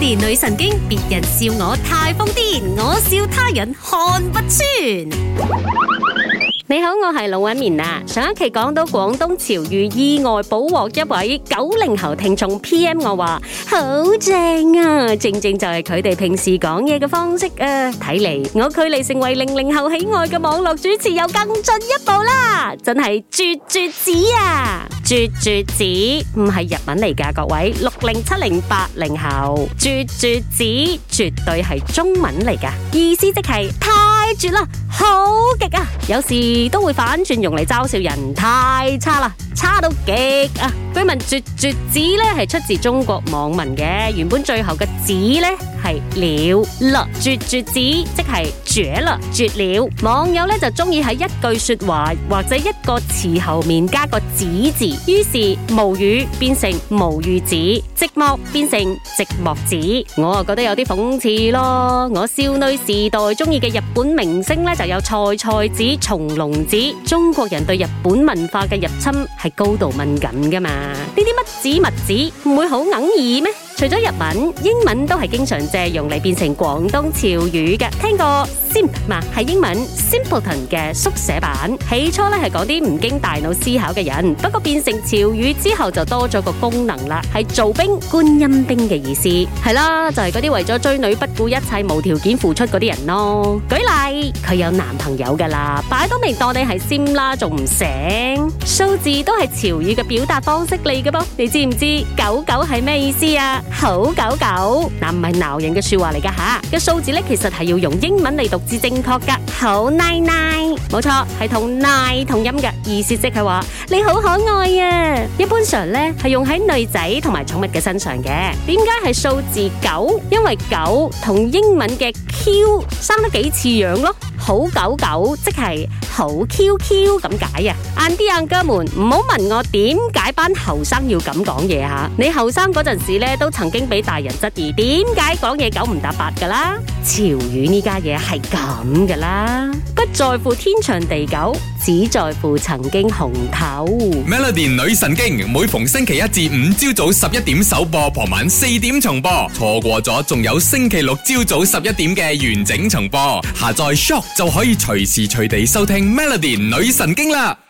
連女神經，別人笑我太瘋癲，我笑他人看不穿。你好，我係龍紋敏啊。上一期講到廣東潮語意外捕獲一位九零後聽眾 PM，我話好正啊！正正就係佢哋平時講嘢嘅方式啊。呃、睇嚟我距離成為零零後喜愛嘅網絡主持又更進一步啦，真係絕絕子啊！絕絕子唔係日文嚟㗎？各位六零七零八零後，絕絕子絕對係中文嚟㗎，意思即係。絕啦，好極啊！有時都會反轉用嚟嘲笑人，太差啦，差到極啊！據聞絕絕子咧係出自中國網民嘅，原本最後嘅子咧係了啦，絕絕子即係絕啦，絕了。網友咧就中意喺一句說話或者一個詞後面加個子字，於是無語變成無語子。寂寞變成寂寞子，我就覺得有啲諷刺咯。我少女時代中意嘅日本明星呢，就有菜菜子、松隆子。中國人對日本文化嘅入侵係高度敏感㗎嘛？呢啲乜子物子唔會好礙耳咩？除咗日文，英文都係經常借用嚟變成廣東潮語嘅。聽過 simp 嘛係英文 simpleton 嘅縮寫版，起初咧係講啲唔經大腦思考嘅人，不過變成潮語之後就多咗個功能啦，係做兵、觀音兵嘅意思。係啦，就係嗰啲為咗追女不顧一切、無條件付出嗰啲人咯。舉例，佢有男朋友㗎啦，擺到明當你係 simp 啦，仲唔醒？字都係潮語嘅表達方式嚟嘅噃，你知唔知狗狗係咩意思啊？好狗狗啊，嗱唔係鬧人嘅說話嚟噶吓，個數字咧其實係要用英文嚟讀至正確噶。好奶奶，冇錯係同奶同音嘅，意思即係話你好可愛啊。一般上咧係用喺女仔同埋寵物嘅身上嘅。點解係數字狗？因為狗同英文嘅 Q 生得幾似樣咯。好狗狗，即係好 Q Q 咁解啊！晏啲啊，家們唔好問我點解班後生要咁講嘢吓。你後生嗰陣時咧，都曾經俾大人質疑點解講嘢九唔搭八噶啦。潮語呢家嘢係咁噶啦，不在乎天長地久，只在乎曾經紅透。Melody 女神經每逢星期一至五朝早十一點首播，傍晚四點重播，錯過咗仲有星期六朝早十一點嘅完整重播。下載 Shock。就可以隨時隨地收聽 Melody 女神經啦。